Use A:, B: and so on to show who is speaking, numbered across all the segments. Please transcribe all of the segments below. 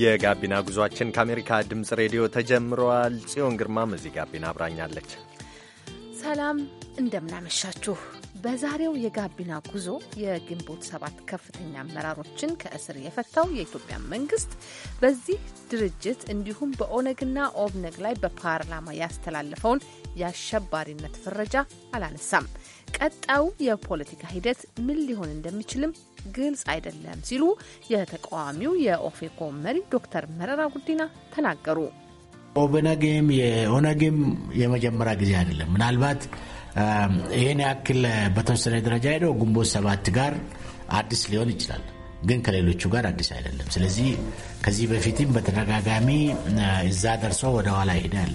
A: የጋቢና ጉዟችን ከአሜሪካ ድምፅ ሬዲዮ ተጀምረዋል። ጽዮን ግርማም እዚህ ጋቢና አብራኛለች።
B: ሰላም እንደምናመሻችሁ። በዛሬው የጋቢና ጉዞ የግንቦት ሰባት ከፍተኛ አመራሮችን ከእስር የፈታው የኢትዮጵያ መንግስት በዚህ ድርጅት እንዲሁም በኦነግና ኦብነግ ላይ በፓርላማ ያስተላለፈውን የአሸባሪነት ፍረጃ አላነሳም። ቀጣዩ የፖለቲካ ሂደት ምን ሊሆን እንደሚችልም ግልጽ አይደለም ሲሉ የተቃዋሚው የኦፌኮ መሪ ዶክተር መረራ ጉዲና ተናገሩ።
C: ኦብነግም የኦነግም የመጀመሪያ ጊዜ አይደለም። ምናልባት ይህን ያክል በተወሰነ ደረጃ ሄደው ግንቦት ሰባት ጋር አዲስ ሊሆን ይችላል፣ ግን ከሌሎቹ ጋር አዲስ አይደለም። ስለዚህ ከዚህ በፊትም በተደጋጋሚ እዛ ደርሶ ወደኋላ ይሄዳል።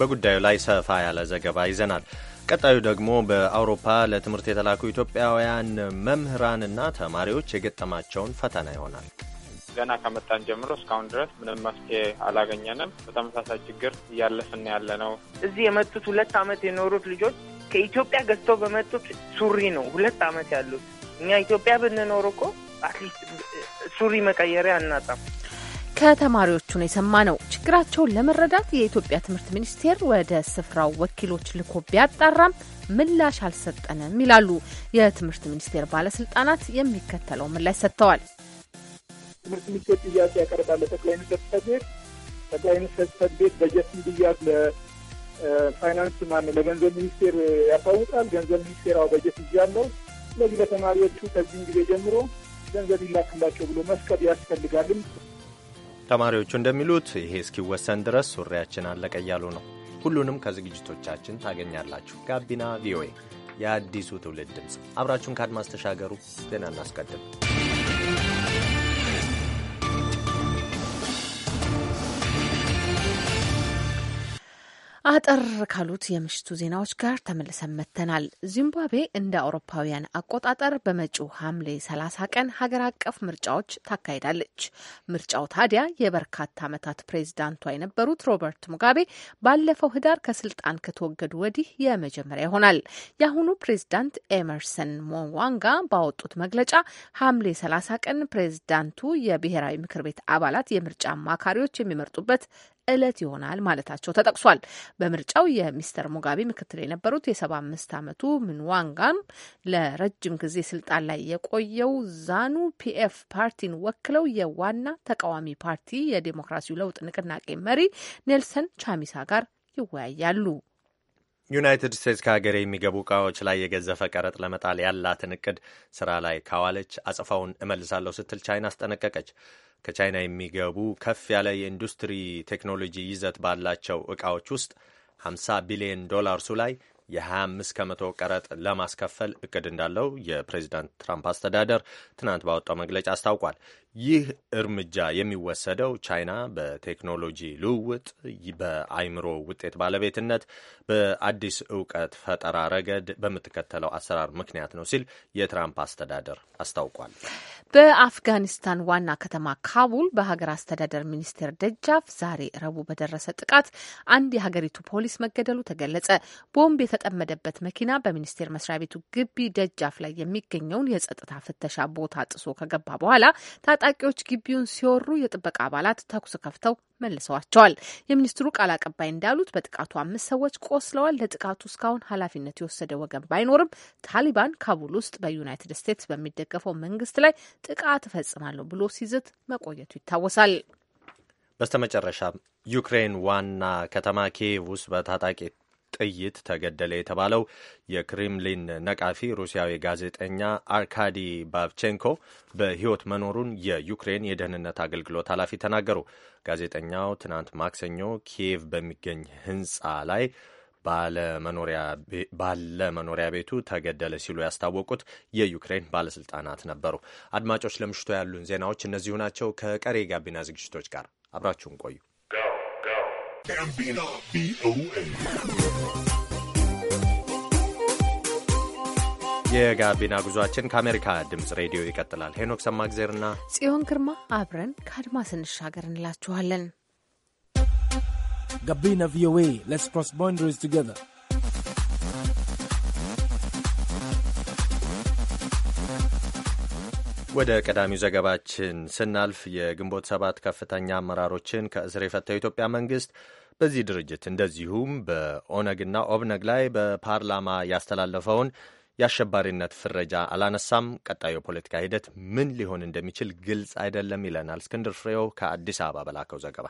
A: በጉዳዩ ላይ ሰፋ ያለ ዘገባ ይዘናል። ቀጣዩ ደግሞ በአውሮፓ ለትምህርት የተላኩ ኢትዮጵያውያን መምህራንና ተማሪዎች የገጠማቸውን ፈተና ይሆናል። ገና
D: ከመጣን ጀምሮ እስካሁን ድረስ ምንም መፍትሄ አላገኘንም። በተመሳሳይ ችግር እያለፍን ያለ ነው። እዚህ የመጡት ሁለት ዓመት የኖሩት ልጆች ከኢትዮጵያ ገዝተው በመጡት ሱሪ ነው ሁለት ዓመት ያሉት። እኛ ኢትዮጵያ ብንኖር እኮ አትሊስት ሱሪ መቀየሪያ አናጣም።
B: ከተማሪዎቹ ነው የሰማ ነው። ችግራቸውን ለመረዳት የኢትዮጵያ ትምህርት ሚኒስቴር ወደ ስፍራው ወኪሎች ልኮ ቢያጣራም ምላሽ አልሰጠንም ይላሉ የትምህርት ሚኒስቴር ባለስልጣናት። የሚከተለው ምላሽ ሰጥተዋል። ትምህርት ሚኒስቴር
E: ጥያቄ ያቀርባል ለጠቅላይ ሚኒስትር ጽሕፈት ቤት። ጠቅላይ ሚኒስትር ጽሕፈት ቤት በጀት እንዲያዝ ለፋይናንስ ማነው ለገንዘብ ሚኒስቴር ያሳውቃል። ገንዘብ ሚኒስቴር አዎ በጀት እያለው ስለዚህ ለተማሪዎቹ ከዚህም ጊዜ ጀምሮ ገንዘብ ይላክላቸው ብሎ መስቀድ ያስፈልጋልም
A: ተማሪዎቹ እንደሚሉት ይሄ እስኪወሰን ድረስ ሱሪያችን አለቀ እያሉ ነው። ሁሉንም ከዝግጅቶቻችን ታገኛላችሁ። ጋቢና ቪኦኤ፣ የአዲሱ ትውልድ ድምፅ። አብራችሁን ከአድማስ ተሻገሩ። ዜና እናስቀድም።
B: አጠር ካሉት የምሽቱ ዜናዎች ጋር ተመልሰን መጥተናል። ዚምባብዌ እንደ አውሮፓውያን አቆጣጠር በመጪው ሐምሌ 30 ቀን ሀገር አቀፍ ምርጫዎች ታካሂዳለች። ምርጫው ታዲያ የበርካታ ዓመታት ፕሬዚዳንቷ የነበሩት ሮበርት ሙጋቤ ባለፈው ህዳር ከስልጣን ከተወገዱ ወዲህ የመጀመሪያ ይሆናል። የአሁኑ ፕሬዚዳንት ኤመርሰን ሞዋንጋ ባወጡት መግለጫ ሐምሌ 30 ቀን ፕሬዚዳንቱ የብሔራዊ ምክር ቤት አባላት የምርጫ አማካሪዎች የሚመርጡበት ዕለት ይሆናል ማለታቸው ተጠቅሷል። በምርጫው የሚስተር ሙጋቤ ምክትል የነበሩት የሰባ አምስት ዓመቱ ምንዋንጋም ለረጅም ጊዜ ስልጣን ላይ የቆየው ዛኑ ፒኤፍ ፓርቲን ወክለው የዋና ተቃዋሚ ፓርቲ የዴሞክራሲው ለውጥ ንቅናቄ መሪ ኔልሰን ቻሚሳ ጋር ይወያያሉ።
A: ዩናይትድ ስቴትስ ከሀገር የሚገቡ እቃዎች ላይ የገዘፈ ቀረጥ ለመጣል ያላትን እቅድ ስራ ላይ ካዋለች አጸፋውን እመልሳለሁ ስትል ቻይና አስጠነቀቀች። ከቻይና የሚገቡ ከፍ ያለ የኢንዱስትሪ ቴክኖሎጂ ይዘት ባላቸው እቃዎች ውስጥ 50 ቢሊዮን ዶላርሱ ላይ የ25 ከመቶ ቀረጥ ለማስከፈል እቅድ እንዳለው የፕሬዚዳንት ትራምፕ አስተዳደር ትናንት ባወጣው መግለጫ አስታውቋል። ይህ እርምጃ የሚወሰደው ቻይና በቴክኖሎጂ ልውውጥ፣ በአይምሮ ውጤት ባለቤትነት፣ በአዲስ እውቀት ፈጠራ ረገድ በምትከተለው አሰራር ምክንያት ነው ሲል የትራምፕ አስተዳደር አስታውቋል።
B: በአፍጋኒስታን ዋና ከተማ ካቡል በሀገር አስተዳደር ሚኒስቴር ደጃፍ ዛሬ ረቡዕ በደረሰ ጥቃት አንድ የሀገሪቱ ፖሊስ መገደሉ ተገለጸ። ቦምብ የተጠመደበት መኪና በሚኒስቴር መስሪያ ቤቱ ግቢ ደጃፍ ላይ የሚገኘውን የጸጥታ ፍተሻ ቦታ ጥሶ ከገባ በኋላ ታጣቂዎች ግቢውን ሲወሩ የጥበቃ አባላት ተኩስ ከፍተው መልሰዋቸዋል። የሚኒስትሩ ቃል አቀባይ እንዳሉት በጥቃቱ አምስት ሰዎች ቆስለዋል። ለጥቃቱ እስካሁን ኃላፊነት የወሰደ ወገን ባይኖርም ታሊባን ካቡል ውስጥ በዩናይትድ ስቴትስ በሚደገፈው መንግስት ላይ ጥቃት እፈጽማለሁ ብሎ ሲዝት መቆየቱ ይታወሳል።
A: በስተመጨረሻ ዩክሬን ዋና ከተማ ኪየቭ ውስጥ በታጣቂ ጥይት ተገደለ የተባለው የክሬምሊን ነቃፊ ሩሲያዊ ጋዜጠኛ አርካዲ ባብቼንኮ በሕይወት መኖሩን የዩክሬን የደህንነት አገልግሎት ኃላፊ ተናገሩ። ጋዜጠኛው ትናንት ማክሰኞ ኪየቭ በሚገኝ ሕንፃ ላይ ባለ መኖሪያ ቤቱ ተገደለ ሲሉ ያስታወቁት የዩክሬን ባለስልጣናት ነበሩ። አድማጮች፣ ለምሽቱ ያሉን ዜናዎች እነዚሁ ናቸው። ከቀሪ የጋቢና ዝግጅቶች ጋር አብራችሁን ቆዩ። የጋቢና ጉዟችን ከአሜሪካ ድምፅ ሬዲዮ ይቀጥላል። ሄኖክ ሰማግዜርና
B: ጽዮን ግርማ አብረን ከአድማስ እንሻገር እንላችኋለን። ጋቢና ቪኦኤ ሌትስ
F: ክሮስ ባውንደሪስ ቱጌዘር
A: ወደ ቀዳሚው ዘገባችን ስናልፍ የግንቦት ሰባት ከፍተኛ አመራሮችን ከእስር የፈታው የኢትዮጵያ መንግስት በዚህ ድርጅት እንደዚሁም በኦነግና ኦብነግ ላይ በፓርላማ ያስተላለፈውን የአሸባሪነት ፍረጃ አላነሳም። ቀጣዩ የፖለቲካ ሂደት ምን ሊሆን እንደሚችል ግልጽ አይደለም ይለናል እስክንድር ፍሬው ከአዲስ አበባ በላከው ዘገባ።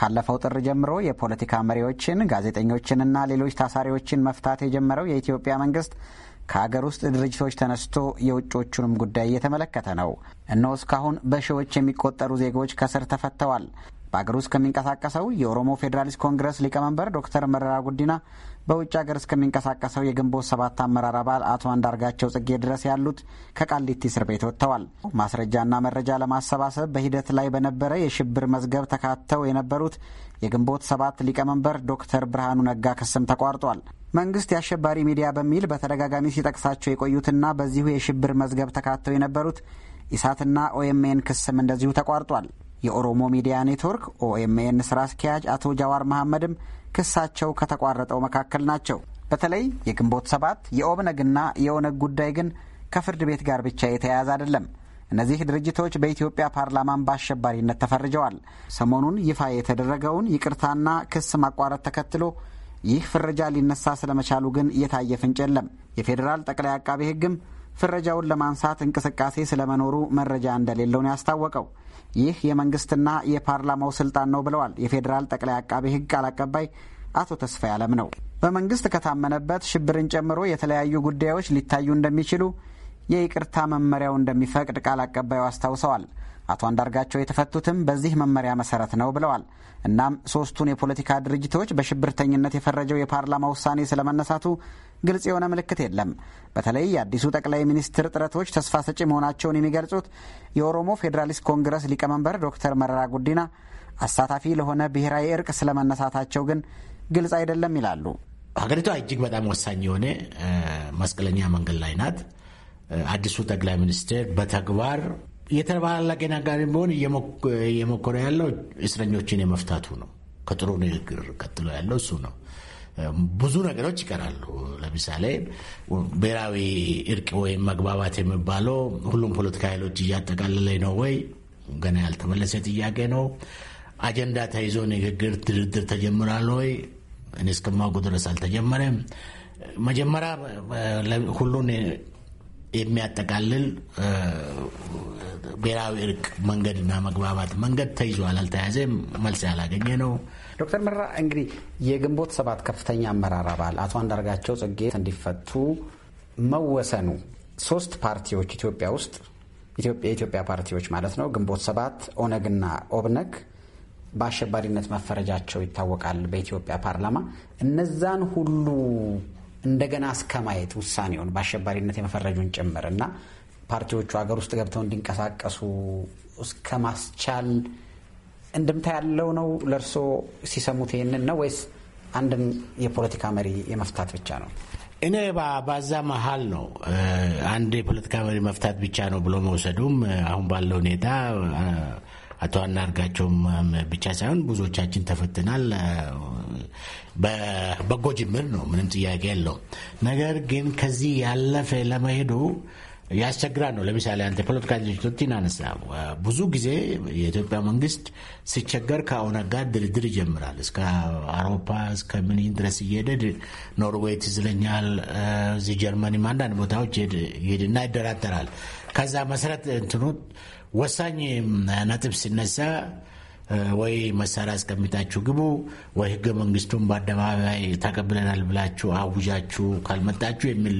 G: ካለፈው ጥር ጀምሮ የፖለቲካ መሪዎችን ጋዜጠኞችንና ሌሎች ታሳሪዎችን መፍታት የጀመረው የኢትዮጵያ መንግስት ከአገር ውስጥ ድርጅቶች ተነስቶ የውጮቹንም ጉዳይ እየተመለከተ ነው። እነሆ እስካሁን በሺዎች የሚቆጠሩ ዜጎች ከስር ተፈተዋል። በአገር ውስጥ ከሚንቀሳቀሰው የኦሮሞ ፌዴራሊስት ኮንግረስ ሊቀመንበር ዶክተር መረራ ጉዲና በውጭ ሀገር እስከሚንቀሳቀሰው የግንቦት ሰባት አመራር አባል አቶ አንዳርጋቸው ጽጌ ድረስ ያሉት ከቃሊቲ እስር ቤት ወጥተዋል። ማስረጃና መረጃ ለማሰባሰብ በሂደት ላይ በነበረ የሽብር መዝገብ ተካተው የነበሩት የግንቦት ሰባት ሊቀመንበር ዶክተር ብርሃኑ ነጋ ክስም ተቋርጧል። መንግስት የአሸባሪ ሚዲያ በሚል በተደጋጋሚ ሲጠቅሳቸው የቆዩትና በዚሁ የሽብር መዝገብ ተካተው የነበሩት ኢሳትና ኦኤምኤን ክስም እንደዚሁ ተቋርጧል። የኦሮሞ ሚዲያ ኔትወርክ ኦኤምኤን ስራ አስኪያጅ አቶ ጃዋር መሐመድም ክሳቸው ከተቋረጠው መካከል ናቸው። በተለይ የግንቦት ሰባት የኦብነግና የኦነግ ጉዳይ ግን ከፍርድ ቤት ጋር ብቻ የተያያዘ አይደለም። እነዚህ ድርጅቶች በኢትዮጵያ ፓርላማን በአሸባሪነት ተፈርጀዋል። ሰሞኑን ይፋ የተደረገውን ይቅርታና ክስ ማቋረጥ ተከትሎ ይህ ፍረጃ ሊነሳ ስለመቻሉ ግን እየታየ ፍንጭ የለም። የፌዴራል ጠቅላይ አቃቤ ሕግም ፍረጃውን ለማንሳት እንቅስቃሴ ስለመኖሩ መረጃ እንደሌለውን ያስታወቀው። ይህ የመንግስትና የፓርላማው ስልጣን ነው ብለዋል የፌዴራል ጠቅላይ አቃቤ ሕግ ቃል አቀባይ አቶ ተስፋ ያለም ነው። በመንግስት ከታመነበት ሽብርን ጨምሮ የተለያዩ ጉዳዮች ሊታዩ እንደሚችሉ የይቅርታ መመሪያው እንደሚፈቅድ ቃል አቀባዩ አስታውሰዋል። አቶ አንዳርጋቸው የተፈቱትም በዚህ መመሪያ መሰረት ነው ብለዋል። እናም ሶስቱን የፖለቲካ ድርጅቶች በሽብርተኝነት የፈረጀው የፓርላማ ውሳኔ ስለመነሳቱ ግልጽ የሆነ ምልክት የለም። በተለይ የአዲሱ ጠቅላይ ሚኒስትር ጥረቶች ተስፋ ሰጪ መሆናቸውን የሚገልጹት የኦሮሞ ፌዴራሊስት ኮንግረስ ሊቀመንበር ዶክተር መረራ ጉዲና አሳታፊ ለሆነ ብሔራዊ እርቅ ስለመነሳታቸው ግን ግልጽ አይደለም ይላሉ።
C: ሀገሪቷ እጅግ በጣም ወሳኝ የሆነ መስቀለኛ መንገድ ላይ ናት። አዲሱ ጠቅላይ ሚኒስትር በተግባር የተባላላቅ ነጋዴም ቢሆን እየሞከረ ያለው እስረኞችን የመፍታቱ ነው። ከጥሩ ንግግር ቀጥሎ ያለው እሱ ነው። ብዙ ነገሮች ይቀራሉ። ለምሳሌ ብሔራዊ እርቅ ወይም መግባባት የሚባለው ሁሉም ፖለቲካ ኃይሎች እያጠቃለለ ነው ወይ? ገና ያልተመለሰ ጥያቄ ነው። አጀንዳ ተይዞ ንግግር፣ ድርድር ተጀምሯል ወይ? እኔ እስከማውቁ ድረስ አልተጀመረም። መጀመሪያ ሁሉን የሚያጠቃልል ብሔራዊ እርቅ መንገድና መግባባት
G: መንገድ ተይዟል፣ አልተያዘም፣ መልስ ያላገኘ ነው። ዶክተር መረራ እንግዲህ የግንቦት ሰባት ከፍተኛ አመራር አባል አቶ አንዳርጋቸው ጽጌ እንዲፈቱ መወሰኑ ሶስት ፓርቲዎች ኢትዮጵያ ውስጥ የኢትዮጵያ ፓርቲዎች ማለት ነው ግንቦት ሰባት ኦነግና ኦብነግ በአሸባሪነት መፈረጃቸው ይታወቃል። በኢትዮጵያ ፓርላማ እነዛን ሁሉ እንደገና እስከ ማየት ውሳኔውን በአሸባሪነት የመፈረጁን ጭምር እና ፓርቲዎቹ ሀገር ውስጥ ገብተው እንዲንቀሳቀሱ እስከ ማስቻል እንድምታ ያለው ነው። ለእርስዎ ሲሰሙት ይህንን ነው ወይስ አንድን የፖለቲካ መሪ የመፍታት ብቻ ነው? እኔ ባዛ መሀል ነው።
C: አንድ የፖለቲካ መሪ መፍታት ብቻ ነው ብሎ መውሰዱም አሁን ባለው ሁኔታ አቶ አናርጋቸውም ብቻ ሳይሆን ብዙዎቻችን ተፈትናል። በጎ ጅምር ነው፣ ምንም ጥያቄ የለውም። ነገር ግን ከዚህ ያለፈ ለመሄዱ ያስቸግራል ነው። ለምሳሌ አንተ ፖለቲካ ድርጅቶችን አነሳ። ብዙ ጊዜ የኢትዮጵያ መንግስት ሲቸገር ከኦነግ ጋር ድርድር ይጀምራል። እስከ አውሮፓ እስከ ምን ድረስ እየሄደ ኖርዌይ ትዝለኛል፣ እዚህ ጀርመኒም አንዳንድ ቦታዎች ይሄድና ይደራደራል። ከዛ መሰረት እንትኑ ወሳኝ ነጥብ ሲነሳ ወይ መሳሪያ አስቀምጣችሁ ግቡ፣ ወይ ህገ መንግስቱን በአደባባይ ተቀብለናል ብላችሁ አውጃችሁ ካልመጣችሁ የሚል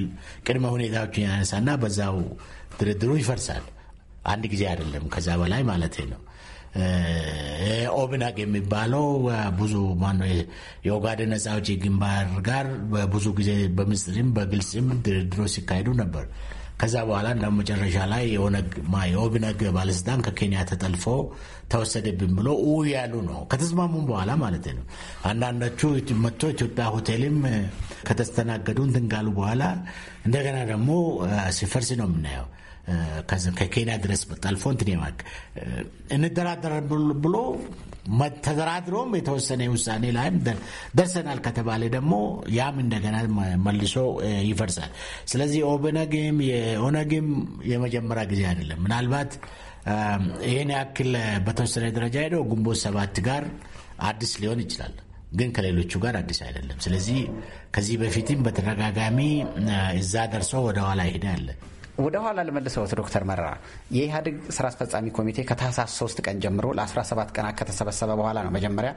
C: ቅድመ ሁኔታዎችን ያነሳና በዛው ድርድሩ ይፈርሳል። አንድ ጊዜ አይደለም፣ ከዛ በላይ ማለት ነው። ኦብነግ የሚባለው ብዙ ማነው የኦጋዴን ነጻ አውጪ ግንባር ጋር በብዙ ጊዜ በምስጢርም በግልጽም ድርድሮ ሲካሄዱ ነበር። ከዛ በኋላ እንዳውም መጨረሻ ላይ የኦብነግ ባለስልጣን ከኬንያ ተጠልፎ ተወሰደብን ብሎ ውይ ያሉ ነው። ከተስማሙም በኋላ ማለት ነው። አንዳንዶቹ መጥቶ ኢትዮጵያ ሆቴልም ከተስተናገዱ እንትን ካሉ በኋላ እንደገና ደግሞ ሲፈርስ ነው የምናየው። ከኬንያ ድረስ ጠልፎ እንትን የማቅ እንደራደር ብሎ ተደራድሮም የተወሰነ ውሳኔ ላይም ደርሰናል ከተባለ ደግሞ ያም እንደገና መልሶ ይፈርሳል። ስለዚህ ኦብነግም የኦነግም የመጀመሪያ ጊዜ አይደለም። ምናልባት ይህን ያክል በተወሰነ ደረጃ ሄደ ግንቦት ሰባት ጋር አዲስ ሊሆን ይችላል ግን ከሌሎቹ ጋር አዲስ አይደለም። ስለዚህ ከዚህ በፊትም በተደጋጋሚ እዛ ደርሶ ወደኋላ ይሄዳል።
G: ወደ ኋላ ልመልሰዎት ዶክተር መረራ የኢህአዴግ ስራ አስፈጻሚ ኮሚቴ ከታህሳስ ሶስት ቀን ጀምሮ ለ17 ቀናት ከተሰበሰበ በኋላ ነው መጀመሪያ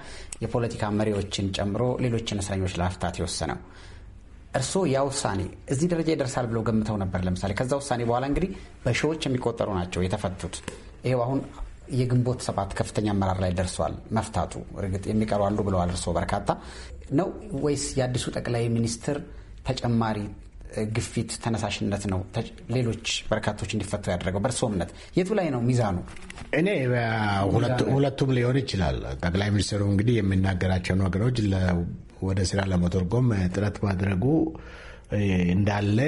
G: የፖለቲካ መሪዎችን ጨምሮ ሌሎችን እስረኞች ለመፍታት የወሰነው። እርስዎ ያ ውሳኔ እዚህ ደረጃ ይደርሳል ብለው ገምተው ነበር? ለምሳሌ ከዛ ውሳኔ በኋላ እንግዲህ በሺዎች የሚቆጠሩ ናቸው የተፈቱት። ይሄው አሁን የግንቦት ሰባት ከፍተኛ አመራር ላይ ደርሷል መፍታቱ። እርግጥ የሚቀሩ አሉ ብለዋል እርስዎ። በርካታ ነው ወይስ የአዲሱ ጠቅላይ ሚኒስትር ተጨማሪ ግፊት፣ ተነሳሽነት ነው ሌሎች በርካቶች እንዲፈቱ ያደረገው? በእርስዎ እምነት የቱ ላይ ነው ሚዛኑ? እኔ
C: ሁለቱም ሊሆን ይችላል። ጠቅላይ ሚኒስትሩ እንግዲህ የሚናገራቸው ነገሮች ወደ ስራ ለመተርጎም ጥረት ማድረጉ እንዳለ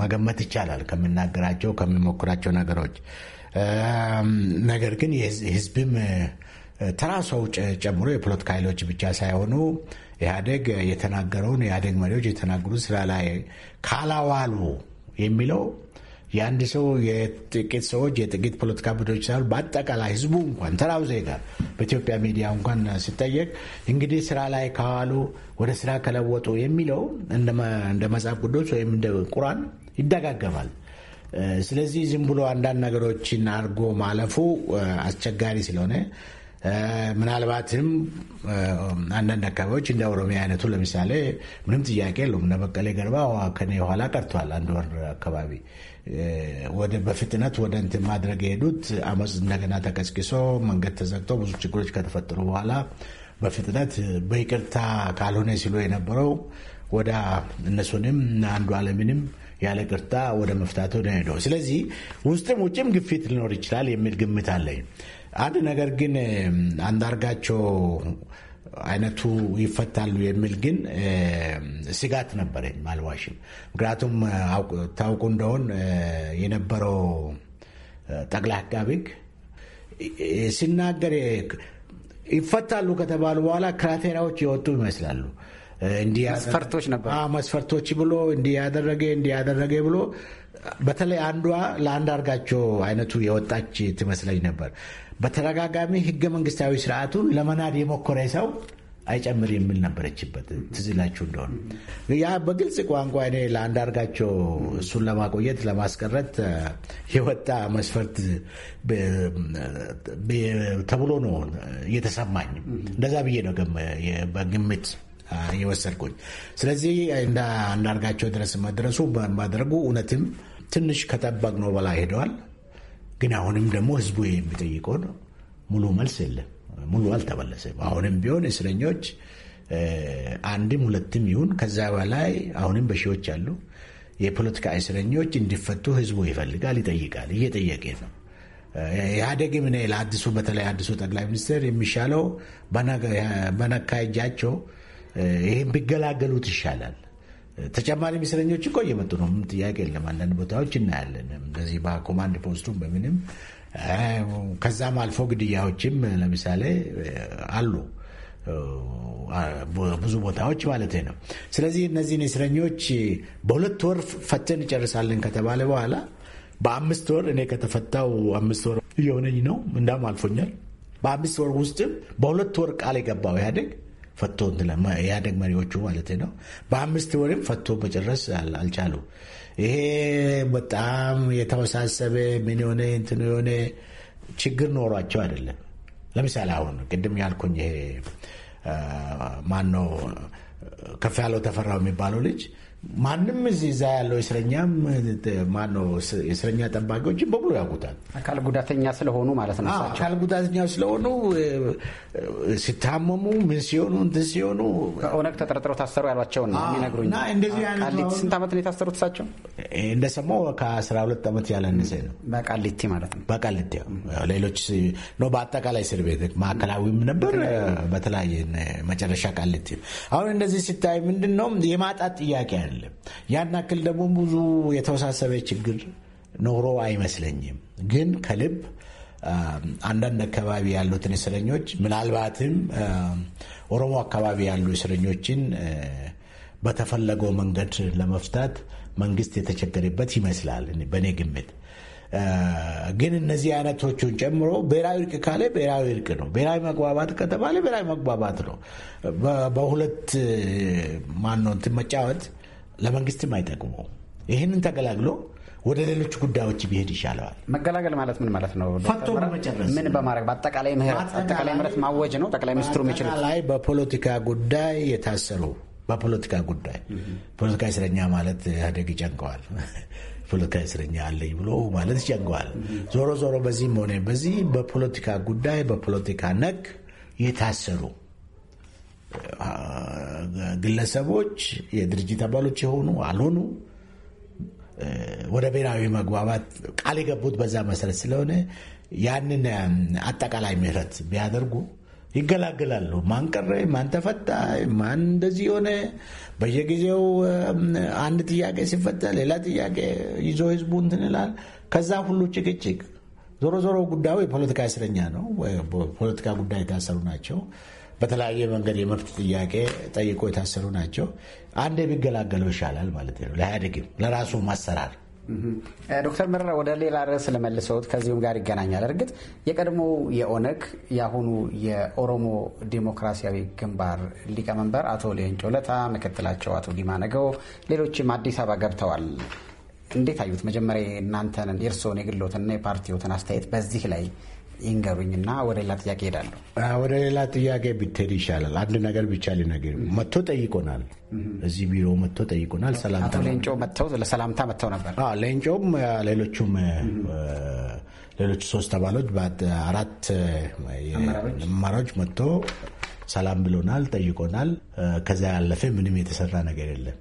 C: መገመት ይቻላል ከሚናገራቸው ከሚሞክራቸው ነገሮች። ነገር ግን ህዝብም ተራ ሰው ጨምሮ የፖለቲካ ኃይሎች ብቻ ሳይሆኑ ኢህአዴግ የተናገረውን ኢህአዴግ መሪዎች የተናገሩ ስራ ላይ ካላዋሉ የሚለው የአንድ ሰው የጥቂት ሰዎች የጥቂት ፖለቲካ ቡድኖች ሳይሆን በአጠቃላይ ህዝቡ እንኳን ተራው ዜጋ በኢትዮጵያ ሚዲያ እንኳን ሲጠየቅ እንግዲህ ስራ ላይ ካዋሉ ወደ ስራ ከለወጡ የሚለው እንደ መጽሐፍ ቅዱስ ወይም እንደ ቁራን ይደጋገማል። ስለዚህ ዝም ብሎ አንዳንድ ነገሮችን አድርጎ ማለፉ አስቸጋሪ ስለሆነ ምናልባትም አንዳንድ አካባቢዎች እንደ ኦሮሚያ አይነቱ ለምሳሌ ምንም ጥያቄ የለውም። እነ በቀለ ገርባ ከኔ ኋላ ቀርቷል። አንድ ወር አካባቢ በፍጥነት ወደ እንትን ማድረግ የሄዱት አመፅ እንደገና ተቀስቅሶ መንገድ ተዘግቶ ብዙ ችግሮች ከተፈጠሩ በኋላ በፍጥነት በይቅርታ ካልሆነ ሲሉ የነበረው ወደ እነሱንም አንዱ አለምንም ያለ ቅርታ ወደ መፍታቱ ነው ሄደው። ስለዚህ ውስጥም ውጭም ግፊት ሊኖር ይችላል የሚል ግምት አለኝ። አንድ ነገር ግን አንዳርጋቸው አይነቱ ይፈታሉ የሚል ግን ስጋት ነበረኝ፣ አልዋሽም። ምክንያቱም ታውቁ እንደሆን የነበረው ጠቅላይ አቃቤ ሕግ ሲናገር ይፈታሉ ከተባሉ በኋላ ክራቴሪያዎች የወጡ ይመስላሉ። መስፈርቶች ነበር። መስፈርቶች ብሎ እንዲህ ያደረገ እንዲህ ያደረገ ብሎ በተለይ አንዷ ለአንዳርጋቸው አይነቱ የወጣች ትመስለኝ ነበር። በተደጋጋሚ ህገ መንግስታዊ ስርዓቱን ለመናድ የሞከረ ሰው አይጨምር የሚል ነበረችበት ትዝላችሁ እንደሆነ ያ በግልጽ ቋንቋ እኔ ለአንዳርጋቸው እሱን ለማቆየት ለማስቀረት የወጣ መስፈርት ተብሎ ነው እየተሰማኝ እንደዛ ብዬ ነው በግምት የወሰድኩኝ። ስለዚህ እንደ አንዳርጋቸው ድረስ መድረሱ ማድረጉ እውነትም ትንሽ ከጠበቅነው በላይ ሄደዋል። ግን አሁንም ደግሞ ህዝቡ ነው ሙሉ መልስ የለም፣ ሙሉ አልተመለሰም። አሁንም ቢሆን እስረኞች አንድም ሁለትም ይሁን ከዛ በላይ አሁንም በሺዎች አሉ። የፖለቲካ እስረኞች እንዲፈቱ ህዝቡ ይፈልጋል፣ ይጠይቃል፣ እየጠየቀ ነው። ኢህአዴግም እኔ ለአዲሱ በተለይ አዲሱ ጠቅላይ ሚኒስትር የሚሻለው በነካ እጃቸው ይህም ቢገላገሉት ይሻላል ተጨማሪ ሚስለኞች እኮ እየመጡ ነው። ምን ጥያቄ የለም። አንዳንድ ቦታዎች እናያለን። እንደዚህ በኮማንድ ፖስቱም በምንም ከዛም አልፎ ግድያዎችም ለምሳሌ አሉ ብዙ ቦታዎች ማለት ነው። ስለዚህ እነዚህን እስረኞች በሁለት ወር ፈተን እንጨርሳለን ከተባለ በኋላ በአምስት ወር እኔ ከተፈታው አምስት ወር እየሆነኝ ነው። እንዳውም አልፎኛል። በአምስት ወር ውስጥም በሁለት ወር ቃል የገባው ኢህአዴግ ፈቶ ኢህአደግ መሪዎቹ ማለት ነው። በአምስት ወርም ፈቶ መጨረስ አልቻሉ። ይሄ በጣም የተወሳሰበ ምን የሆነ እንትን የሆነ ችግር ኖሯቸው አይደለም። ለምሳሌ አሁን ቅድም ያልኩኝ ይሄ ማነው ከፍ ያለው ተፈራው የሚባለው ልጅ ማንም እዚህ እዛ ያለው እስረኛም ማነው እስረኛ ጠባቂዎችን በሙሉ ያውቁታል። አካል ጉዳተኛ ስለሆኑ ማለት ነው። አካል ጉዳተኛ ስለሆኑ ሲታመሙ ምን ሲሆኑ እንትን ሲሆኑ ኦነግ ተጠርጥረው
G: ታሰሩ ያሏቸውን ነው የሚነግሩኝ። እንደዚህ አይነት ስንት ዓመት ነው የታሰሩት እሳቸው?
C: እንደሰማው ከ ሁለት ዓመት ያለንሰ ነው። በቃሊቲ ማለት ነው። በቃሊቲ ሌሎች ነው። በአጠቃላይ እስር ቤት ማዕከላዊም ነበር፣ በተለያየ መጨረሻ ቃሊቲ። አሁን እንደዚህ ሲታይ ምንድን ነው የማጣት ጥያቄ አይደለም። ያን ያክል ደግሞ ብዙ የተወሳሰበ ችግር ኖሮ አይመስለኝም። ግን ከልብ አንዳንድ አካባቢ ያሉትን እስረኞች ምናልባትም ኦሮሞ አካባቢ ያሉ እስረኞችን በተፈለገው መንገድ ለመፍታት መንግስት የተቸገረበት ይመስላል በእኔ ግምት። ግን እነዚህ አይነቶቹን ጨምሮ ብሔራዊ እርቅ ካለ ብሔራዊ እርቅ ነው። ብሔራዊ መግባባት ከተባለ ብሔራዊ መግባባት ነው። በሁለት ማን እንትን መጫወት ለመንግስትም አይጠቅመው። ይህንን ተገላግሎ ወደ ሌሎች ጉዳዮች ቢሄድ ይሻለዋል። መገላገል ማለት ምን ማለት ነው? ፈቶ በመጨረስ ምን በማድረግ በአጠቃላይ
G: ምህረት ማወጅ ነው ጠቅላይ ሚኒስትሩ የሚችሉት።
C: ላይ በፖለቲካ ጉዳይ የታሰሩ በፖለቲካ ጉዳይ ፖለቲካ እስረኛ ማለት ኢህአዴግ ይጨንቀዋል። ፖለቲካ እስረኛ አለኝ ብሎ ማለት ይጨንቀዋል። ዞሮ ዞሮ በዚህም ሆነ በዚህ በፖለቲካ ጉዳይ በፖለቲካ ነክ የታሰሩ ግለሰቦች የድርጅት አባሎች የሆኑ አልሆኑ ወደ ብሔራዊ መግባባት ቃል የገቡት በዛ መሰረት ስለሆነ ያንን አጠቃላይ ምህረት ቢያደርጉ ይገላገላሉ። ማን ቀረ፣ ማን ተፈታ፣ ማን እንደዚህ የሆነ በየጊዜው አንድ ጥያቄ ሲፈታ ሌላ ጥያቄ ይዞ ህዝቡ እንትን ይላል። ከዛ ሁሉ ጭቅጭቅ ዞሮ ዞሮ ጉዳዩ የፖለቲካ እስረኛ ነው። ፖለቲካ ጉዳይ የታሰሩ ናቸው። በተለያየ መንገድ የመብት ጥያቄ ጠይቆ የታሰሩ ናቸው። አንድ የሚገላገለው ይሻላል ማለት ነው። ለኢህአዴግም ለራሱ ማሰራር
G: ዶክተር መረራ ወደ ሌላ ርዕስ ለመልሰውት ከዚሁም ጋር ይገናኛል። እርግጥ የቀድሞ የኦነግ የአሁኑ የኦሮሞ ዴሞክራሲያዊ ግንባር ሊቀመንበር አቶ ሌንጮ ለታ፣ ምክትላቸው አቶ ዲማ ነገው፣ ሌሎችም አዲስ አበባ ገብተዋል። እንዴት አዩት? መጀመሪያ እናንተን የእርስዎን የግሎትና የፓርቲዎትን አስተያየት በዚህ ላይ ይንገሩኝና ወደ ሌላ ጥያቄ ሄዳለሁ።
C: ወደ ሌላ ጥያቄ ብትሄድ ይሻላል። አንድ ነገር ብቻ ሊነገር መጥቶ ጠይቆናል። እዚህ ቢሮ መጥቶ ጠይቆናል። ሰላምታ ሌንጮ
G: መጥተው ለሰላምታ መጥተው ነበር።
C: ሌንጮም ሌሎቹም ሌሎች ሶስት ተባሎች አራት አመራሮች መጥቶ ሰላም ብሎናል፣ ጠይቆናል። ከዚያ ያለፈ ምንም የተሰራ ነገር የለም።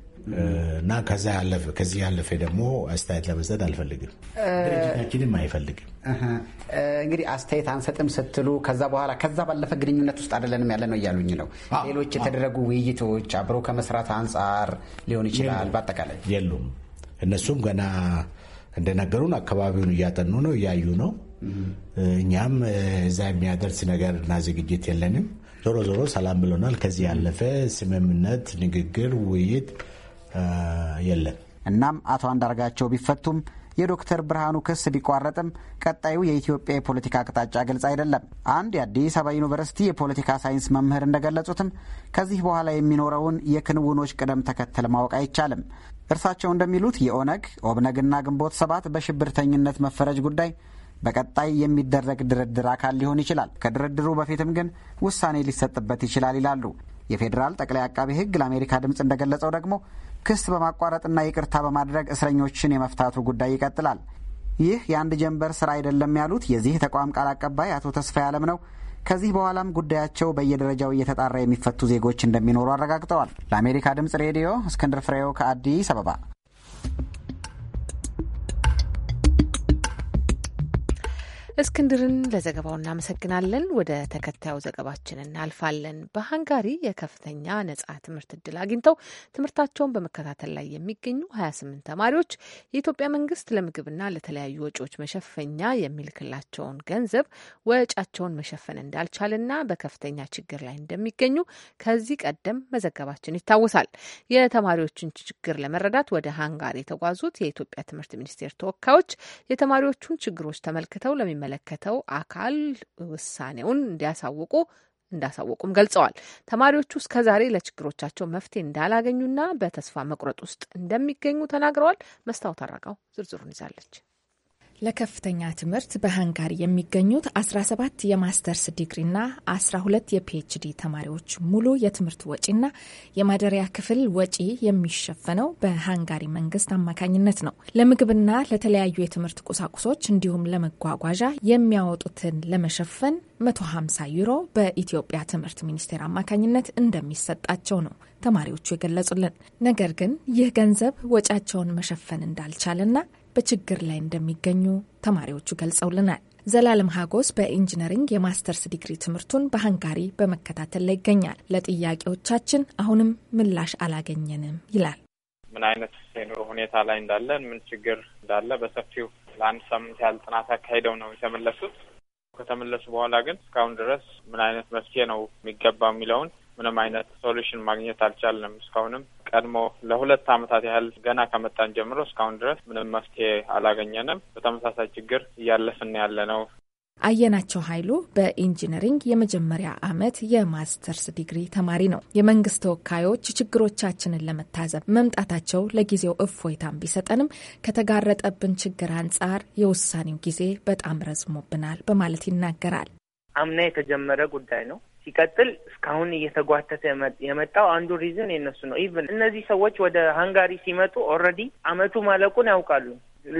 C: እና ከዛ ያለፈ ከዚህ ያለፈ ደግሞ አስተያየት ለመስጠት አልፈልግም፣
G: ድርጅታችንም አይፈልግም። እንግዲህ አስተያየት አንሰጥም ስትሉ ከዛ በኋላ ከዛ ባለፈ ግንኙነት ውስጥ አይደለንም ያለ ነው እያሉኝ ነው። ሌሎች የተደረጉ ውይይቶች አብሮ ከመስራት አንጻር ሊሆን ይችላል። በአጠቃላይ የሉም።
C: እነሱም ገና እንደነገሩን አካባቢውን እያጠኑ ነው፣ እያዩ ነው። እኛም እዛ የሚያደርስ ነገር እና ዝግጅት የለንም። ዞሮ ዞሮ ሰላም ብሎናል። ከዚህ ያለፈ ስምምነት፣
G: ንግግር፣ ውይይት የለም። እናም አቶ አንዳርጋቸው ቢፈቱም የዶክተር ብርሃኑ ክስ ቢቋረጥም ቀጣዩ የኢትዮጵያ የፖለቲካ አቅጣጫ ግልጽ አይደለም። አንድ የአዲስ አበባ ዩኒቨርሲቲ የፖለቲካ ሳይንስ መምህር እንደገለጹትም ከዚህ በኋላ የሚኖረውን የክንውኖች ቅደም ተከተል ማወቅ አይቻልም። እርሳቸው እንደሚሉት የኦነግ ኦብነግና ግንቦት ሰባት በሽብርተኝነት መፈረጅ ጉዳይ በቀጣይ የሚደረግ ድርድር አካል ሊሆን ይችላል። ከድርድሩ በፊትም ግን ውሳኔ ሊሰጥበት ይችላል ይላሉ። የፌዴራል ጠቅላይ አቃቤ ሕግ ለአሜሪካ ድምፅ እንደገለጸው ደግሞ ክስ በማቋረጥና ይቅርታ በማድረግ እስረኞችን የመፍታቱ ጉዳይ ይቀጥላል። ይህ የአንድ ጀንበር ስራ አይደለም ያሉት የዚህ ተቋም ቃል አቀባይ አቶ ተስፋ ያለም ነው። ከዚህ በኋላም ጉዳያቸው በየደረጃው እየተጣራ የሚፈቱ ዜጎች እንደሚኖሩ አረጋግጠዋል። ለአሜሪካ ድምጽ ሬዲዮ እስክንድር ፍሬው ከአዲስ አበባ
B: እስክንድርን ለዘገባው እናመሰግናለን። ወደ ተከታዩ ዘገባችን እናልፋለን። በሀንጋሪ የከፍተኛ ነጻ ትምህርት እድል አግኝተው ትምህርታቸውን በመከታተል ላይ የሚገኙ 28 ተማሪዎች የኢትዮጵያ መንግስት ለምግብና ለተለያዩ ወጪዎች መሸፈኛ የሚልክላቸውን ገንዘብ ወጫቸውን መሸፈን እንዳልቻለና በከፍተኛ ችግር ላይ እንደሚገኙ ከዚህ ቀደም መዘገባችን ይታወሳል። የተማሪዎችን ችግር ለመረዳት ወደ ሃንጋሪ የተጓዙት የኢትዮጵያ ትምህርት ሚኒስቴር ተወካዮች የተማሪዎቹን ችግሮች ተመልክተው ለሚመ ለሚመለከተው አካል ውሳኔውን እንዲያሳውቁ እንዳሳወቁም ገልጸዋል። ተማሪዎቹ እስከ ዛሬ ለችግሮቻቸው መፍትሄ እንዳላገኙና በተስፋ መቁረጥ ውስጥ እንደሚገኙ ተናግረዋል። መስታወት አራቃው ዝርዝሩን
H: ይዛለች። ለከፍተኛ ትምህርት በሃንጋሪ የሚገኙት 17 የማስተርስ ዲግሪና 12 የፒኤችዲ ተማሪዎች ሙሉ የትምህርት ወጪና የማደሪያ ክፍል ወጪ የሚሸፈነው በሃንጋሪ መንግስት አማካኝነት ነው። ለምግብና ለተለያዩ የትምህርት ቁሳቁሶች እንዲሁም ለመጓጓዣ የሚያወጡትን ለመሸፈን 150 ዩሮ በኢትዮጵያ ትምህርት ሚኒስቴር አማካኝነት እንደሚሰጣቸው ነው ተማሪዎቹ የገለጹልን። ነገር ግን ይህ ገንዘብ ወጪያቸውን መሸፈን እንዳልቻለና በችግር ላይ እንደሚገኙ ተማሪዎቹ ገልጸውልናል። ዘላለም ሀጎስ በኢንጂነሪንግ የማስተርስ ዲግሪ ትምህርቱን በሀንጋሪ በመከታተል ላይ ይገኛል። ለጥያቄዎቻችን አሁንም ምላሽ አላገኘንም ይላል።
D: ምን አይነት የኑሮ ሁኔታ ላይ እንዳለን፣ ምን ችግር እንዳለ በሰፊው ለአንድ ሳምንት ያህል ጥናት አካሂደው ነው የተመለሱት። ከተመለሱ በኋላ ግን እስካሁን ድረስ ምን አይነት መፍትሄ ነው የሚገባ የሚለውን ምንም አይነት ሶሉሽን ማግኘት አልቻልንም። እስካሁንም ቀድሞ ለሁለት አመታት ያህል ገና ከመጣን ጀምሮ እስካሁን ድረስ ምንም መፍትሄ አላገኘንም። በተመሳሳይ ችግር እያለፍን ያለ ነው።
H: አየናቸው ኃይሉ በኢንጂነሪንግ የመጀመሪያ አመት የማስተርስ ዲግሪ ተማሪ ነው። የመንግስት ተወካዮች ችግሮቻችንን ለመታዘብ መምጣታቸው ለጊዜው እፎይታን ቢሰጠንም ከተጋረጠብን ችግር አንጻር የውሳኔው ጊዜ በጣም ረዝሞብናል በማለት ይናገራል።
D: አምና የተጀመረ ጉዳይ ነው። ሲቀጥል እስካሁን እየተጓተተ የመጣው አንዱ ሪዝን የነሱ ነው። ኢቨን እነዚህ ሰዎች ወደ ሃንጋሪ ሲመጡ ኦልሬዲ አመቱ ማለቁን ያውቃሉ።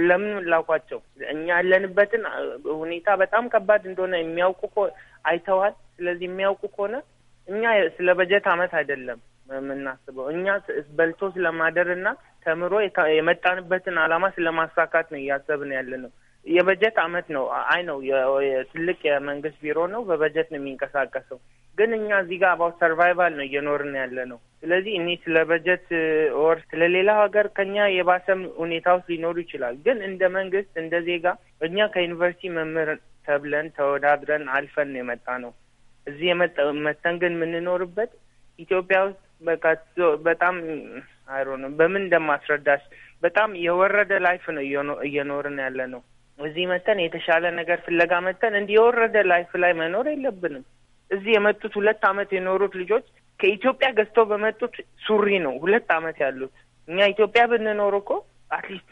D: ለምን ላኳቸው? እኛ ያለንበትን ሁኔታ በጣም ከባድ እንደሆነ የሚያውቁ አይተዋል። ስለዚህ የሚያውቁ ከሆነ እኛ ስለ በጀት አመት አይደለም የምናስበው እኛ በልቶ ስለማደር እና ተምሮ የመጣንበትን አላማ ስለማሳካት ነው እያሰብን ያለ ነው። የበጀት አመት ነው። አይ ነው ትልቅ የመንግስት ቢሮ ነው። በበጀት ነው የሚንቀሳቀሰው። ግን እኛ እዚህ ጋር አባውት ሰርቫይቫል ነው እየኖርን ያለ ነው። ስለዚህ እኔ ስለ በጀት ወር ስለሌላ ሀገር ከኛ የባሰም ሁኔታ ውስጥ ሊኖሩ ይችላል። ግን እንደ መንግስት እንደ ዜጋ እኛ ከዩኒቨርሲቲ መምህር ተብለን ተወዳድረን አልፈን ነው የመጣ ነው። እዚህ መተን ግን የምንኖርበት ኢትዮጵያ ውስጥ በቃ በጣም አይሮ ነው። በምን እንደማስረዳሽ በጣም የወረደ ላይፍ ነው እየኖርን ያለ ነው። እዚህ መተን የተሻለ ነገር ፍለጋ መተን እንዲህ የወረደ ላይፍ ላይ መኖር የለብንም። እዚህ የመጡት ሁለት አመት የኖሩት ልጆች ከኢትዮጵያ ገዝተው በመጡት ሱሪ ነው ሁለት አመት ያሉት። እኛ ኢትዮጵያ ብንኖር እኮ አትሊስት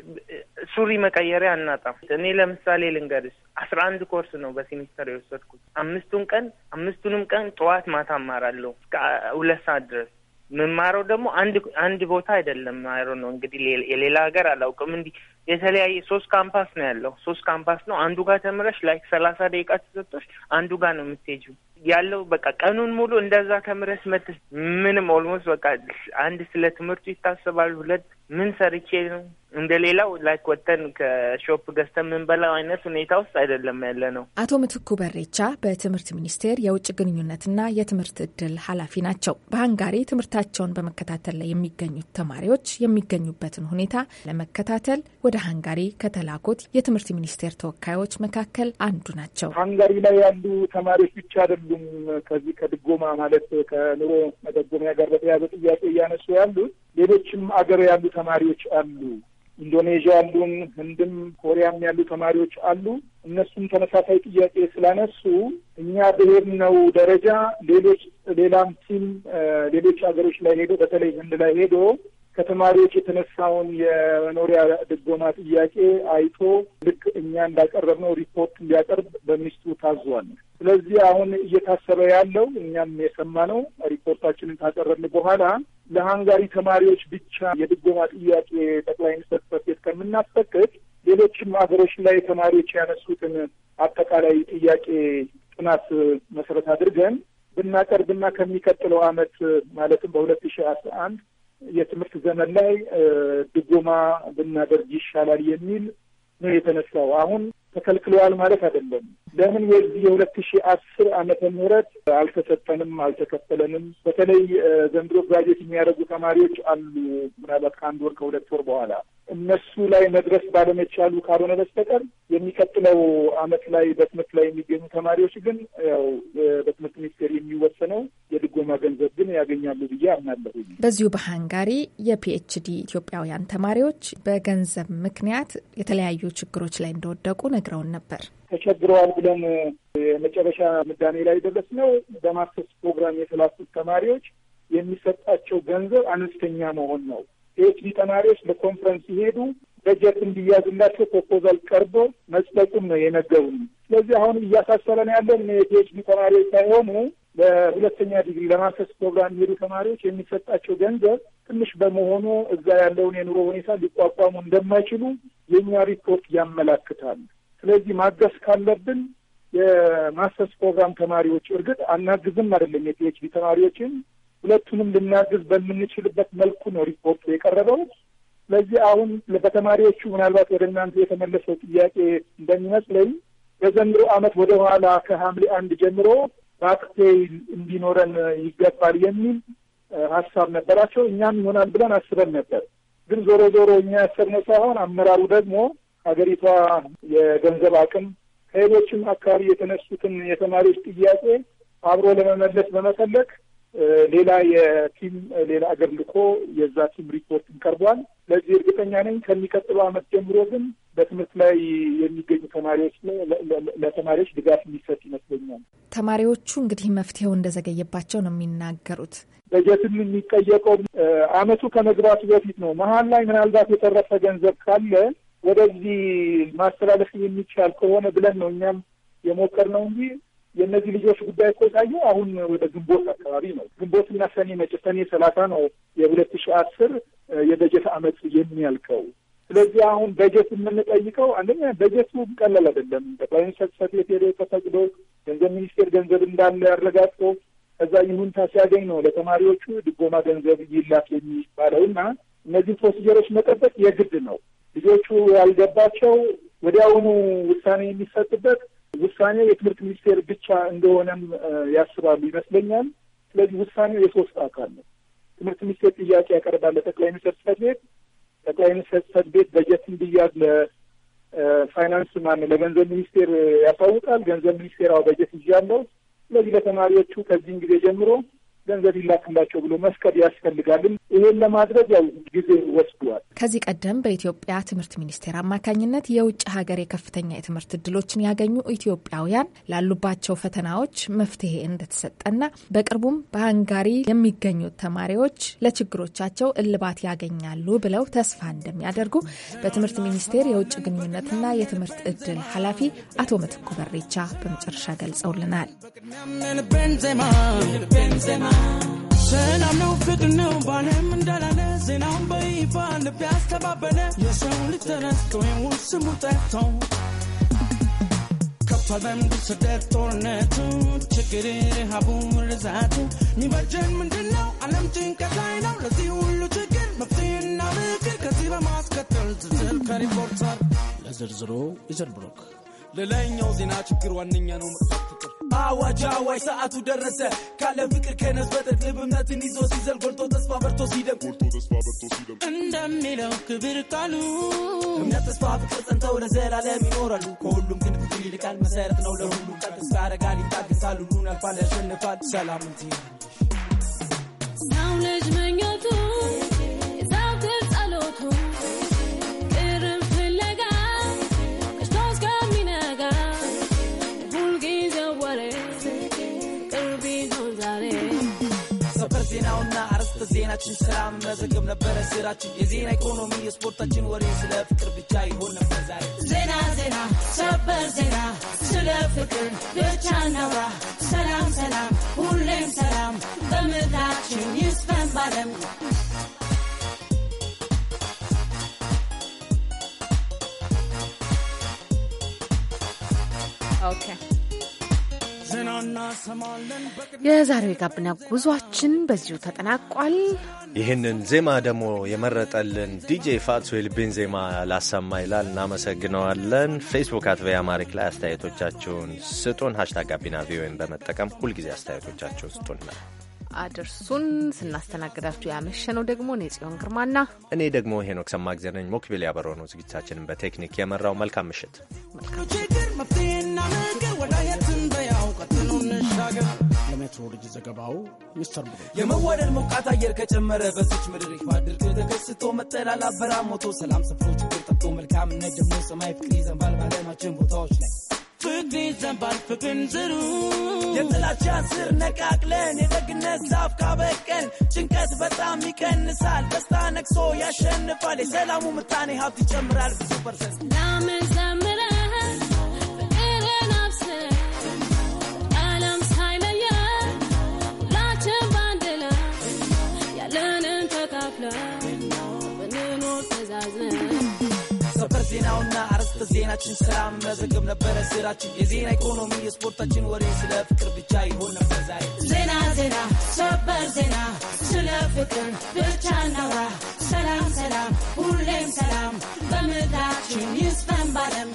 D: ሱሪ መቀየሪያ አናጣም። እኔ ለምሳሌ ልንገርስ አስራ አንድ ኮርስ ነው በሴሚስተር የወሰድኩት። አምስቱን ቀን አምስቱንም ቀን ጠዋት ማታ አማራለሁ እስከ ሁለት ሰዓት ድረስ የምማረው ደግሞ አንድ አንድ ቦታ አይደለም። አይሮ ነው እንግዲህ የሌላ ሀገር አላውቅም። እንዲህ የተለያየ ሶስት ካምፓስ ነው ያለው። ሶስት ካምፓስ ነው። አንዱ ጋር ተምረሽ ላይ ሰላሳ ደቂቃ ተሰጥቶሽ አንዱ ጋር ነው የምትሄጂው ያለው በቃ ቀኑን ሙሉ እንደዛ ተምረሽ መጥተሽ ምንም ኦልሞስት በቃ አንድ ስለ ትምህርቱ ይታሰባል፣ ሁለት ምን ሰርቼ ነው እንደሌላው ላይ ወጥተን ከሾፕ ገዝተን የምንበላው አይነት ሁኔታ ውስጥ አይደለም ያለ ነው።
H: አቶ ምትኩ በሬቻ በትምህርት ሚኒስቴር የውጭ ግንኙነትና የትምህርት እድል ኃላፊ ናቸው። በሀንጋሪ ትምህርታቸውን በመከታተል ላይ የሚገኙት ተማሪዎች የሚገኙበትን ሁኔታ ለመከታተል ወደ ሃንጋሪ ከተላኩት የትምህርት ሚኒስቴር ተወካዮች መካከል አንዱ ናቸው። ሃንጋሪ ላይ ያሉ
E: ተማሪዎች ብቻ አይደሉም ከዚህ ከድጎማ ማለት ከኑሮ መደጎሚያ ጋር በተያያዘ ጥያቄ እያነሱ ያሉት ሌሎችም አገር ያሉ ተማሪዎች አሉ። ኢንዶኔዥያ ያሉን፣ ህንድም ኮሪያም ያሉ ተማሪዎች አሉ። እነሱም ተመሳሳይ ጥያቄ ስላነሱ እኛ በሄድነው ደረጃ ሌሎች ሌላም ቲም ሌሎች ሀገሮች ላይ ሄዶ በተለይ ህንድ ላይ ሄዶ ከተማሪዎች የተነሳውን የመኖሪያ ድጎማ ጥያቄ አይቶ ልክ እኛ እንዳቀረብነው ሪፖርት እንዲያቀርብ በሚኒስትሩ ታዟል። ስለዚህ አሁን እየታሰበ ያለው እኛም የሰማነው ሪፖርታችንን ካቀረብን በኋላ ለሃንጋሪ ተማሪዎች ብቻ የድጎማ ጥያቄ ጠቅላይ ሚኒስትር ጽሕፈት ቤት ከምናስፈቅድ ሌሎችም ሀገሮች ላይ ተማሪዎች ያነሱትን አጠቃላይ ጥያቄ ጥናት መሰረት አድርገን ብናቀርብና ከሚቀጥለው ዓመት ማለትም በሁለት ሺ አስራ አንድ የትምህርት ዘመን ላይ ድጎማ ብናደርግ ይሻላል የሚል ነው የተነሳው። አሁን ተከልክለዋል ማለት አይደለም። ለምን የዚህ የሁለት ሺህ አስር ዓመተ ምህረት አልተሰጠንም፣ አልተከፈለንም። በተለይ ዘንድሮ ግራጅዌት የሚያደርጉ ተማሪዎች አሉ። ምናልባት ከአንድ ወር ከሁለት ወር በኋላ እነሱ ላይ መድረስ ባለመቻሉ ካልሆነ በስተቀር የሚቀጥለው ዓመት ላይ በትምህርት ላይ የሚገኙ ተማሪዎች ግን ያው በትምህርት ሚኒስቴር የሚወሰነው የድጎማ ገንዘብ ግን ያገኛሉ ብዬ አምናለሁ።
H: በዚሁ በሃንጋሪ የፒኤችዲ ኢትዮጵያውያን ተማሪዎች በገንዘብ ምክንያት የተለያዩ ችግሮች ላይ እንደወደቁ ነገ ነግረውን ነበር።
E: ተቸግረዋል ብለን የመጨረሻ ምዳኔ ላይ ነው። በማስተርስ ፕሮግራም የተላኩት ተማሪዎች የሚሰጣቸው ገንዘብ አነስተኛ መሆን ነው። ፒኤችዲ ተማሪዎች ለኮንፈረንስ ሲሄዱ በጀት እንዲያዝላቸው ፕሮፖዛል ቀርቦ መጽደቁን ነው የነገሩን። ስለዚህ አሁን እያሳሰበን ያለን የፒኤችዲ ተማሪዎች ሳይሆኑ በሁለተኛ ዲግሪ ለማስተርስ ፕሮግራም የሄዱ ተማሪዎች የሚሰጣቸው ገንዘብ ትንሽ በመሆኑ እዛ ያለውን የኑሮ ሁኔታ ሊቋቋሙ እንደማይችሉ የእኛ ሪፖርት ያመላክታል። ስለዚህ ማገዝ ካለብን የማስተርስ ፕሮግራም ተማሪዎች እርግጥ አናግዝም አይደለም፣ የፒኤችዲ ተማሪዎችን ሁለቱንም ልናግዝ በምንችልበት መልኩ ነው ሪፖርቱ የቀረበው። ስለዚህ አሁን በተማሪዎቹ ምናልባት ወደ እናንተ የተመለሰው ጥያቄ እንደሚመስለኝ በዘንድሮ ዓመት ወደ ኋላ ከሐምሌ አንድ ጀምሮ ባክቴይ እንዲኖረን ይገባል የሚል ሀሳብ ነበራቸው። እኛም ይሆናል ብለን አስበን ነበር። ግን ዞሮ ዞሮ እኛ ያሰብነው ሳይሆን አመራሩ ደግሞ ሀገሪቷ የገንዘብ አቅም ከሌሎችም አካባቢ የተነሱትን የተማሪዎች ጥያቄ አብሮ ለመመለስ በመፈለግ ሌላ የቲም ሌላ አገር ልኮ የዛ ቲም ሪፖርትን ቀርቧል። ለዚህ እርግጠኛ ነኝ። ከሚቀጥለው ዓመት ጀምሮ ግን በትምህርት ላይ የሚገኙ ተማሪዎች ለተማሪዎች ድጋፍ የሚሰጥ ይመስለኛል።
H: ተማሪዎቹ እንግዲህ መፍትሄው እንደዘገየባቸው ነው የሚናገሩት።
E: በጀትም የሚጠየቀው አመቱ ከመግባቱ በፊት ነው። መሀል ላይ ምናልባት የተረፈ ገንዘብ ካለ ወደዚህ ማስተላለፍ የሚቻል ከሆነ ብለን ነው እኛም የሞከርነው እንጂ የእነዚህ ልጆች ጉዳይ እኮ የታየው አሁን ወደ ግንቦት አካባቢ ነው። ግንቦትና ሰኔ መጭ ሰኔ ሰላሳ ነው የሁለት ሺ አስር የበጀት አመት የሚያልቀው። ስለዚህ አሁን በጀት የምንጠይቀው አንደኛ በጀቱ ቀለል አይደለም። ጠቅላይ ሚኒስትር ጽሕፈት ቤት ሄዶ ተፈቅዶ ገንዘብ ሚኒስቴር ገንዘብ እንዳለ አረጋግጦ ከዛ ይሁንታ ሲያገኝ ነው ለተማሪዎቹ ድጎማ ገንዘብ ይላክ የሚባለው እና እነዚህ ፕሮሲጀሮች መጠበቅ የግድ ነው። ልጆቹ ያልገባቸው ወዲያውኑ ውሳኔ የሚሰጥበት ውሳኔ የትምህርት ሚኒስቴር ብቻ እንደሆነም ያስባሉ ይመስለኛል። ስለዚህ ውሳኔው የሶስት አካል ነው። ትምህርት ሚኒስቴር ጥያቄ ያቀርባል ለጠቅላይ ሚኒስትር ጽሕፈት ቤት። ጠቅላይ ሚኒስትር ጽሕፈት ቤት በጀት እንዲያዝ ለፋይናንስ ማነው ለገንዘብ ሚኒስቴር ያሳውቃል። ገንዘብ ሚኒስቴር አዎ በጀት ይዣለሁ፣ ስለዚህ ለተማሪዎቹ ከዚህን ጊዜ ጀምሮ ገንዘብ ይላክላቸው ብሎ መስቀድ ያስፈልጋልን። ይሄን
H: ለማድረግ ያው ጊዜ ወስዷል። ከዚህ ቀደም በኢትዮጵያ ትምህርት ሚኒስቴር አማካኝነት የውጭ ሀገር የከፍተኛ የትምህርት እድሎችን ያገኙ ኢትዮጵያውያን ላሉባቸው ፈተናዎች መፍትሄ እንደተሰጠና በቅርቡም በሀንጋሪ የሚገኙት ተማሪዎች ለችግሮቻቸው እልባት ያገኛሉ ብለው ተስፋ እንደሚያደርጉ በትምህርት ሚኒስቴር የውጭ ግንኙነትና የትምህርት እድል ኃላፊ አቶ ምትኩ በሬቻ በመጨረሻ ገልጸውልናል።
F: ሰላም ነው ፍቅር ነው ባለም እንዳላለ ዜናውን በይፋ ልብ ያስተባበለ የሰው ልጅ ተረስቶ ወይም ስሙ ጠርቶ ከፋለም ስደት ጦርነቱ ችግር ረሃቡ ርዛቱ ሚበጀን ምንድን ነው? ዓለም ጭንቀት ላይ ነው። ለዚህ ሁሉ ችግር መፍትሄና ምክር ከዚህ በማስከተል ዝርዝር ከሪፖርተር ለዝርዝሩ ይዘር ብሮክ ዜና ችግር ዋነኛ ነው። አዋጅ አዋይ ሰዓቱ ደረሰ ካለ ፍቅር ከነስ በጠጥ ይዞ ሲዘል ጎልቶ ተስፋ በርቶ ሲደም እንደሚለው ክብር ቃሉ እምነት ተስፋ ፍቅር ጸንተው ለዘላለም ይኖራሉ። ከሁሉም ግን ፍቅር ይልቃል መሰረት ነው ለሁሉ ቃል ተስፋ ያረጋል ይታገሳል ሁሉን ያልፋል ያሸንፋል ሰላም እንጂ ነው ልጅ ጤናችን ሰላም መዘገብ ነበረ ስራችን የዜና ኢኮኖሚ የስፖርታችን ወሬ ስለ ፍቅር ብቻ ይሆን ነበር ዛሬ ዜና ዜና ሰበር ዜና ስለ ፍቅር ብቻ ነውራ
B: የዛሬው የጋቢና ጉዟችን በዚሁ ተጠናቋል።
A: ይህንን ዜማ ደግሞ የመረጠልን ዲጄ ፋትሶል ብን ዜማ ላሰማ ይላል። እናመሰግነዋለን። ፌስቡክ አት ቪኦኤ አማሪክ ላይ አስተያየቶቻችሁን ስጡን። ሀሽታግ ጋቢና ቪኦኤን በመጠቀም ሁልጊዜ አስተያየቶቻችሁን ስጡን
B: አድርሱን። ስናስተናግዳችሁ ያመሸነው ደግሞ እኔ ጽዮን ግርማና
A: እኔ ደግሞ ሄኖክ ሰማእግዜር ነኝ። ሞክቢል ያበረው ነው ዝግጅታችንን በቴክኒክ የመራው። መልካም ምሽት።
F: የሜትሮሎጂ ዘገባው ሚስተር ብሩ የመዋደድ ሞቃት አየር ከጨመረ በዚች ምድር ይፋድር ተከስቶ መጠላል አበራ ሞቶ ሰላም ሰፍሮ ችግር ጠብቶ መልካምነት ደግሞ ሰማይ ፍቅር ይዘንባል ባለማችን ቦታዎች ላይ ፍቅር ይዘንባል ፍቅርን ዝሩ የጥላቻ ስር ነቃቅለን የደግነት ዛፍ ካበቀን ጭንቀት በጣም ይቀንሳል። ደስታ ነግሶ ያሸንፋል። የሰላሙ ምጣኔ ሀብት ይጨምራል ብዙ ፐርሰንት ዜናውና አርዕስተ ዜናችን ሰላም መዘገብ ነበረ ስራችን። የዜና ኢኮኖሚ የስፖርታችን ወሬ ስለ ፍቅር ብቻ ይሆን ነበር ዛሬ። ዜና ዜና ሰበር ዜና ስለ ፍቅር ብቻ እናውራ። ሰላም ሰላም ሁሌም ሰላም በምድራችን ይስፈን ባለም